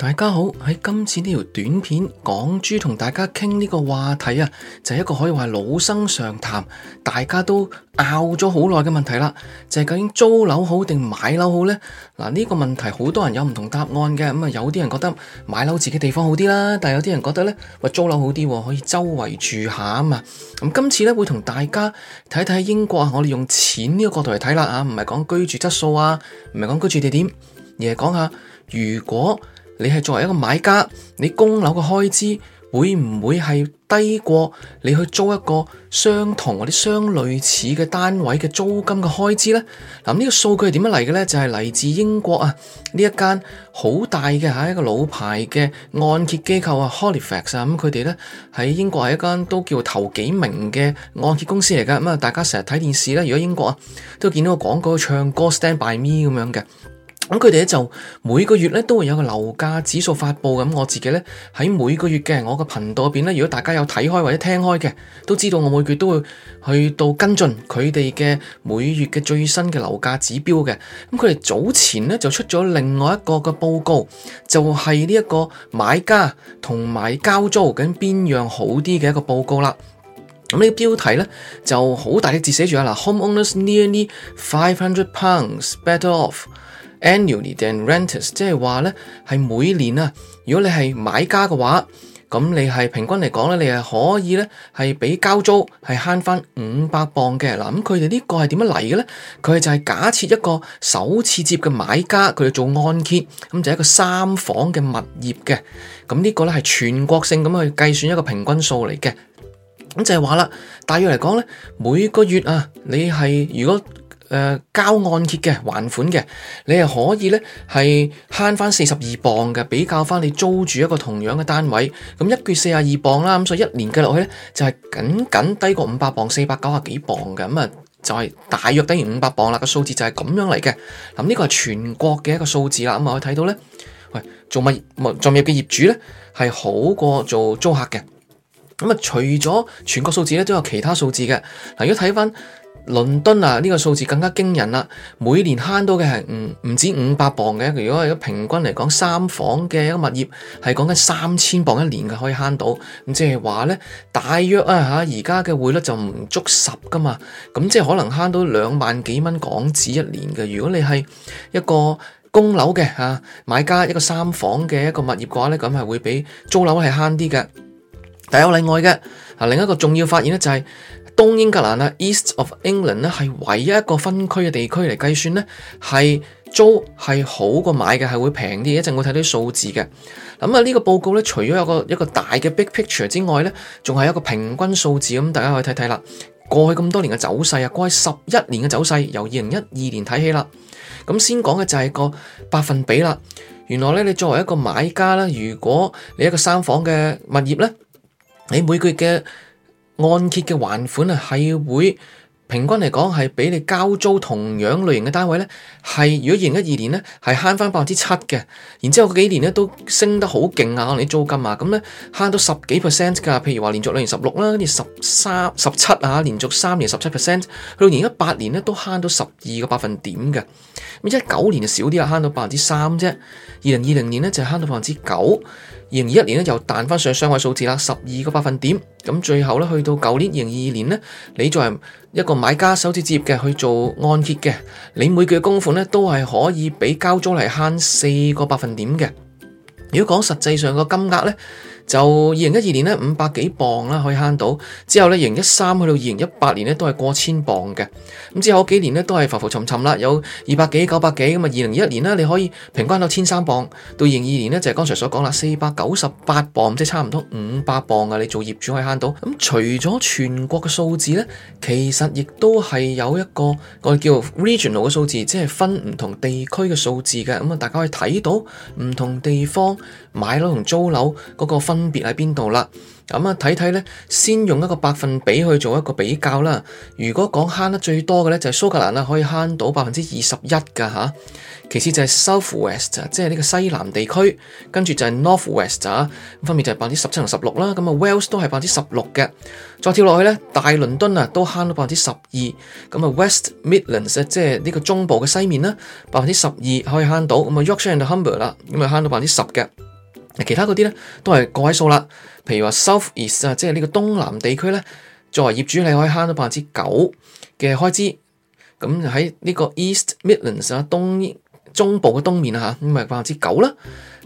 大家好，喺今次呢條短片講豬同大家傾呢個話題啊，就係一個可以話老生常談，大家都拗咗好耐嘅問題啦。就係究竟租樓好定買樓好呢？嗱，呢個問題好多人有唔同答案嘅。咁啊，有啲人覺得買樓自己地方好啲啦，但係有啲人覺得咧租樓好啲喎，可以周圍住下啊嘛。咁今次咧會同大家睇睇英國，我哋用錢呢個角度嚟睇啦，啊，唔係講居住質素啊，唔係講居住地點，而係講下如果。你係作為一個買家，你供樓嘅開支會唔會係低過你去租一個相同或者相類似嘅單位嘅租金嘅開支呢？嗱、這個，呢個數據係點樣嚟嘅咧？就係、是、嚟自英國啊，呢一間好大嘅嚇一個老牌嘅按揭機構啊 Halifax 啊，咁佢哋咧喺英國係一間都叫頭幾名嘅按揭公司嚟噶。咁、嗯、啊，大家成日睇電視啦，如果英國啊都見到個廣告唱歌 Stand By Me 咁樣嘅。咁佢哋咧就每個月咧都會有個樓價指數發布咁，我自己咧喺每個月嘅我個頻道入邊咧，如果大家有睇開或者聽開嘅，都知道我每個月都會去到跟進佢哋嘅每月嘅最新嘅樓價指標嘅。咁佢哋早前咧就出咗另外一個嘅報告，就係呢一個買家同埋交租究竟邊樣好啲嘅一個報告啦。咁呢個標題咧就好大嘅字寫住啊，嗱，Homeowners nearly five hundred pounds better off。Annually than renters，即係話咧，係每年啊，如果你係買家嘅話，咁你係平均嚟講咧，你係可以咧，係俾交租係慳翻五百磅嘅。嗱，咁佢哋呢個係點樣嚟嘅咧？佢就係假設一個首次置嘅買家，佢哋做按揭，咁就係一個三房嘅物業嘅。咁呢個咧係全國性咁去計算一個平均數嚟嘅。咁就係話啦，大約嚟講咧，每個月啊，你係如果。誒、呃、交按揭嘅還款嘅，你係可以咧係慳翻四十二磅嘅，比較翻你租住一個同樣嘅單位，咁一月四十二磅啦，咁所以一年計落去咧就係、是、僅僅低過五百磅，四百九廿幾磅嘅，咁啊就係大約等於五百磅啦，個數字就係咁樣嚟嘅。咁呢個係全國嘅一個數字啦，咁啊我睇到咧，喂，做物業嘅業主咧係好過做租客嘅。咁啊，除咗全國數字咧，都有其他數字嘅。嗱，如果睇翻。倫敦啊，呢個數字更加驚人啦！每年慳到嘅係唔唔止五百磅嘅。如果係平均嚟講，三房嘅一個物業係講緊三千磅一年嘅可以慳到。咁即係話呢，大約啊嚇，而家嘅匯率就唔足十噶嘛。咁即係可能慳到兩萬幾蚊港紙一年嘅。如果你係一個供樓嘅嚇買家，一個三房嘅一個物業嘅話呢，咁係會比租樓係慳啲嘅。但有例外嘅啊，另一個重要發現呢就係、是。東英格蘭 East of England 係唯一一個分區嘅地區嚟計算呢係租係好過買嘅，係會平啲。一陣會睇啲數字嘅。咁啊，呢個報告呢，除咗有一個一個大嘅 big picture 之外呢，仲係一個平均數字。咁大家可以睇睇啦，過去咁多年嘅走勢啊，過去十一年嘅走勢，由二零一二年睇起啦。咁先講嘅就係個百分比啦。原來呢，你作為一個買家呢，如果你一個三房嘅物業呢，你每個月嘅。按揭嘅還款啊，係會平均嚟講係比你交租同樣類型嘅單位咧，係如果二零一二年咧係慳翻百分之七嘅，然之後嗰幾年咧都升得好勁啊！啲租金啊，咁咧慳到十幾 percent 㗎。譬如話連續兩年十六啦，跟住十三、十七啊，連續三年十七 percent，去到二零一八年咧都慳到十二個百分點嘅。咁一九年就少啲啊，慳到百分之三啫。二零二零年咧就慳到百分之九，二零二一年咧又彈翻上雙位數字啦，十二個百分點。咁最後咧，去到舊年二零二二年咧，你作為一個買家首次置業嘅去做按揭嘅，你每句供款咧都係可以比交租嚟慳四個百分點嘅。如果講實際上個金額咧。就二零一二年呢五百幾磅啦，可以慳到。之後呢二零一三去到二零一八年呢都係過千磅嘅。咁之後嗰幾年呢都係浮浮沉沉啦，有二百幾九百幾，咁啊。二零二一年呢你可以平均到千三磅。到二零二二年呢就係剛才所講啦，四百九十八磅，即係差唔多五百磅啊。你做業主可以慳到。咁除咗全國嘅數字呢，其實亦都係有一個我哋叫 regional 嘅數字，即係分唔同地區嘅數字嘅。咁啊，大家可以睇到唔同地方買樓同租樓嗰個分分別喺邊度啦？咁啊，睇睇咧，先用一個百分比去做一個比較啦。如果講慳得最多嘅咧，就係蘇格蘭啦，可以慳到百分之二十一噶吓，其次就係 South West，即係呢個西南地區，跟住就係 North West 嚇，分別就係百分之十七同十六啦。咁啊，Wales 都係百分之十六嘅。再跳落去咧，大倫敦啊，都慳到百分之十二。咁啊，West Midlands 咧，即係呢個中部嘅西面啦，百分之十二可以慳到。咁啊，Yorkshire and Humber 啦，咁啊慳到百分之十嘅。其他嗰啲呢都係個位數啦，譬如話 South East 啊，即係呢個東南地區呢，作為業主你可以慳到百分之九嘅開支，咁喺呢個 East Midlands 啊東，中部嘅東面吓，嚇咁咪百分之九啦。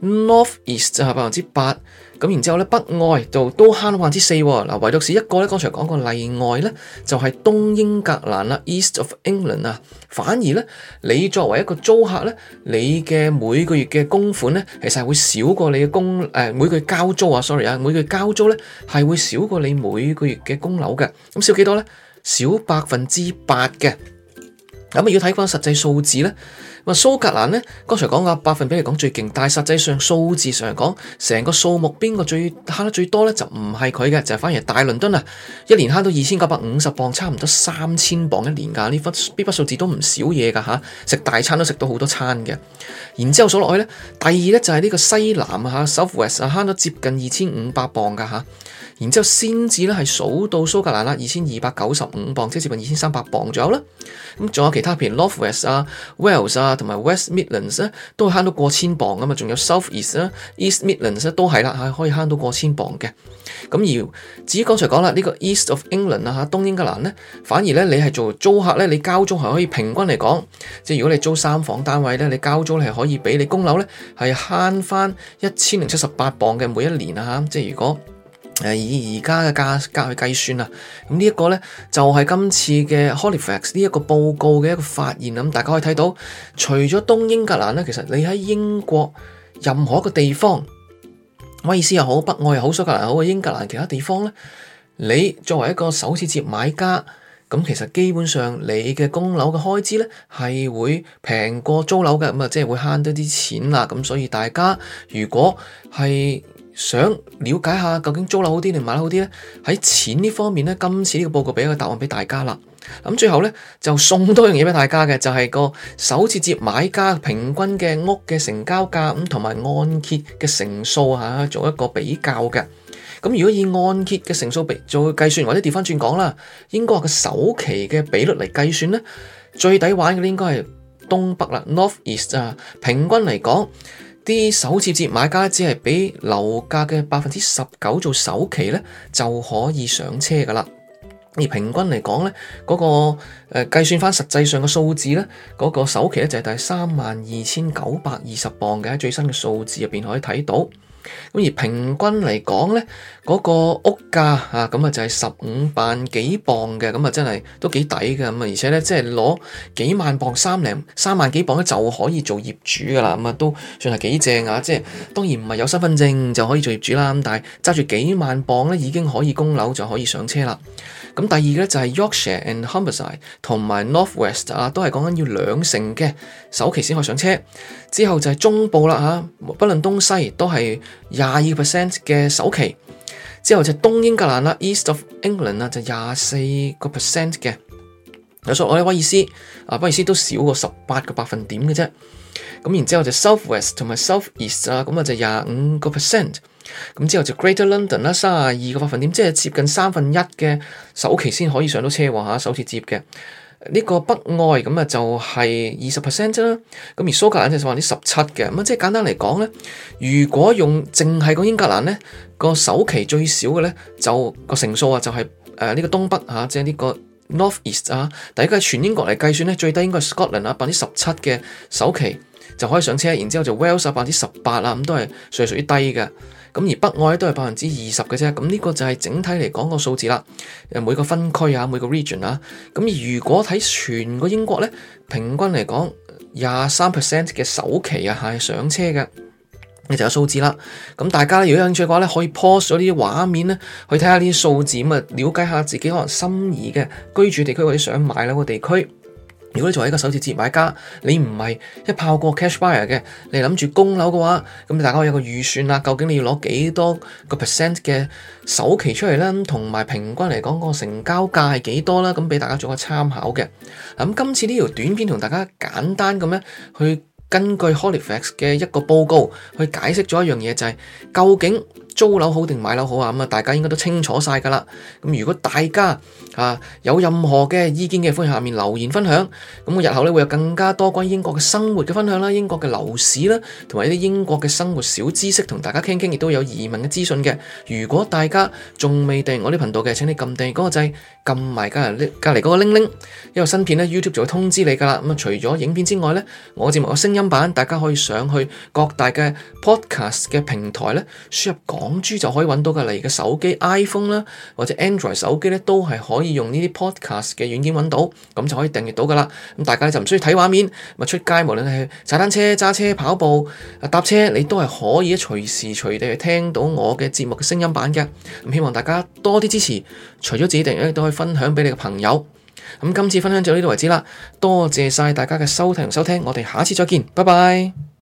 North East 就係百分之八，咁，然之後咧北外就都慳咗百分之四嗱。唯獨是一個咧，剛才講過例外咧，就係東英格蘭啦，East of England 啊。反而咧，你作為一個租客咧，你嘅每個月嘅供款咧，其實係會少過你嘅供誒每個月交租啊。Sorry 啊，每個月交租咧係會少過你每個月嘅供樓嘅。咁少幾多咧？少百分之八嘅咁啊，要睇返實際數字咧。話蘇格蘭呢，剛才講嘅百分比嚟講最勁，但係實際上數字上嚟講，成個數目邊個最慳得最多呢？就唔係佢嘅，就係反而係大倫敦啊，一年慳到二千九百五十磅，差唔多三千磅一年㗎，呢筆呢筆數字都唔少嘢㗎嚇，食大餐都食到好多餐嘅。然之後數落去呢，第二呢就係呢個西南啊，South West 啊，慳咗接近二千五百磅㗎嚇。然之後先至呢係數到蘇格蘭啦，二千二百九十五磅，即係接近二千三百磅左右啦。咁仲有其他譬如 North West 啊、Wales 啊。同埋 West Midlands 咧都係慳到過千磅啊嘛，仲有 South East 啦、East Midlands 都係啦吓，可以慳到過千磅嘅。咁而至於剛才講啦，呢、呢個 East of England 啊吓，東英格蘭咧反而咧你係做租客咧，你交租係可以平均嚟講，即係如果你租三房單位咧，你交租係可以俾你供樓咧，係慳翻一千零七十八磅嘅每一年啊吓，即係如果。以而家嘅價格去計算啊，咁呢一個呢，就係今次嘅 Halifax 呢一個報告嘅一個發現。咁大家可以睇到，除咗東英格蘭呢，其實你喺英國任何一個地方，威爾斯又好，北愛又好，蘇格蘭又好，英格蘭其他地方呢，你作為一個首次接買家，咁其實基本上你嘅供樓嘅開支呢，係會平過租樓嘅，咁啊即係會慳多啲錢啦。咁所以大家如果係想了解下究竟租樓好啲定買樓好啲呢？喺錢呢方面呢，今次呢個報告俾一個答案俾大家啦。咁最後呢，就送多樣嘢俾大家嘅，就係、是、個首次接買家平均嘅屋嘅成交價，咁同埋按揭嘅成數嚇，做一個比較嘅。咁如果以按揭嘅成數比做計算，或者調翻轉講啦，應該話個首期嘅比率嚟計算呢，最抵玩嘅應該係東北啦，North East 啊，平均嚟講。啲首置買家只係俾樓價嘅百分之十九做首期咧，就可以上車噶啦。而平均嚟講咧，嗰、那個誒計算翻實際上嘅數字咧，嗰、那個首期咧就係第三萬二千九百二十磅嘅，喺最新嘅數字入邊可以睇到。咁而平均嚟講咧，嗰、那個屋價咁啊、嗯、就係十五萬幾磅嘅，咁、嗯、啊、嗯、真係都幾抵嘅咁啊，而且咧即係攞幾萬磅三零三萬幾磅咧就可以做業主噶啦，咁、嗯、啊都算係幾正啊！即係當然唔係有身份證就可以做業主啦、嗯，但係揸住幾萬磅咧已經可以供樓就可以上車啦。咁、嗯、第二個咧就係、是、Yorkshire and Humberside 同埋 Northwest 啊，都係講緊要兩成嘅首期先可以上車，之後就係中部啦、啊、不論東西都係。廿二 percent 嘅首期，之後就東英格蘭啦，East of England 啦就廿四個 percent 嘅，有所以我哋威爾斯，啊，威爾斯都少過十八個百分點嘅啫，咁然之後就 South West 同埋 South East 啊，咁啊就廿五個 percent，咁之後就 Greater London 啦，卅二個百分點，即係接近三分一嘅首期先可以上到車話吓，首次接嘅。呢、這個北愛咁啊就係二十 percent 啦，咁而蘇格蘭就係百分之十七嘅，咁即係簡單嚟講咧，如果用淨係講英格蘭咧，個首期最少嘅咧就個成數啊就係誒呢個東北嚇、啊，即係呢個 North East 啊。但係如果係全英國嚟計算咧，最低應該係 Scotland 啊百分之十七嘅首期就可以上車，然之後就 Wales 啊，百分之十八啊咁都係算係屬於低嘅。咁而北愛都係百分之二十嘅啫，咁呢個就係整體嚟講個數字啦。每個分區呀、每個 region 呀。咁如果睇全個英國呢，平均嚟講廿三 percent 嘅首期呀係上車嘅，你就有數字啦。咁大家如果有興趣嘅話咧，可以 post 咗呢啲畫面呢去睇下呢啲數字，咁啊了解下自己可能心儀嘅居住地區或者想買樓嘅地區。如果你作為一個首次置業買家，你唔係一炮過 cash buyer 嘅，你諗住供樓嘅話，咁大家可以有個預算啦。究竟你要攞幾多個 percent 嘅首期出嚟啦？同埋平均嚟講，個成交價係幾多啦？咁俾大家做個參考嘅。咁今次呢條短片同大家簡單咁咧，去根據 Halifax 嘅一個報告去解釋咗一樣嘢，就係究竟，租樓好定買樓好啊？咁啊，大家應該都清楚晒㗎啦。咁如果大家啊有任何嘅意見嘅，歡迎下面留言分享。咁我日後咧會有更加多關於英國嘅生活嘅分享啦，英國嘅樓市啦，同埋一啲英國嘅生活小知識，同大家傾傾，亦都有移民嘅資訊嘅。如果大家仲未訂我呢頻道嘅，請你撳訂嗰個掣，撳埋隔籬嗰個鈴鈴，因為新片咧 YouTube 就會通知你㗎啦。咁啊，除咗影片之外咧，我節目嘅聲音版，大家可以上去各大嘅 Podcast 嘅平台咧輸入講。港珠就可以揾到嘅，例如嘅手機 iPhone 啦，或者 Android 手機咧，都係可以用呢啲 podcast 嘅軟件揾到，咁就可以訂閱到噶啦。咁大家就唔需要睇畫面，咪出街，無論係踩單車、揸車、跑步、搭車，你都係可以隨時隨地聽到我嘅節目嘅聲音版嘅。咁希望大家多啲支持，除咗自己訂閱，都可以分享俾你嘅朋友。咁今次分享就到呢度為止啦，多謝晒大家嘅收聽同收聽，我哋下次再見，拜拜。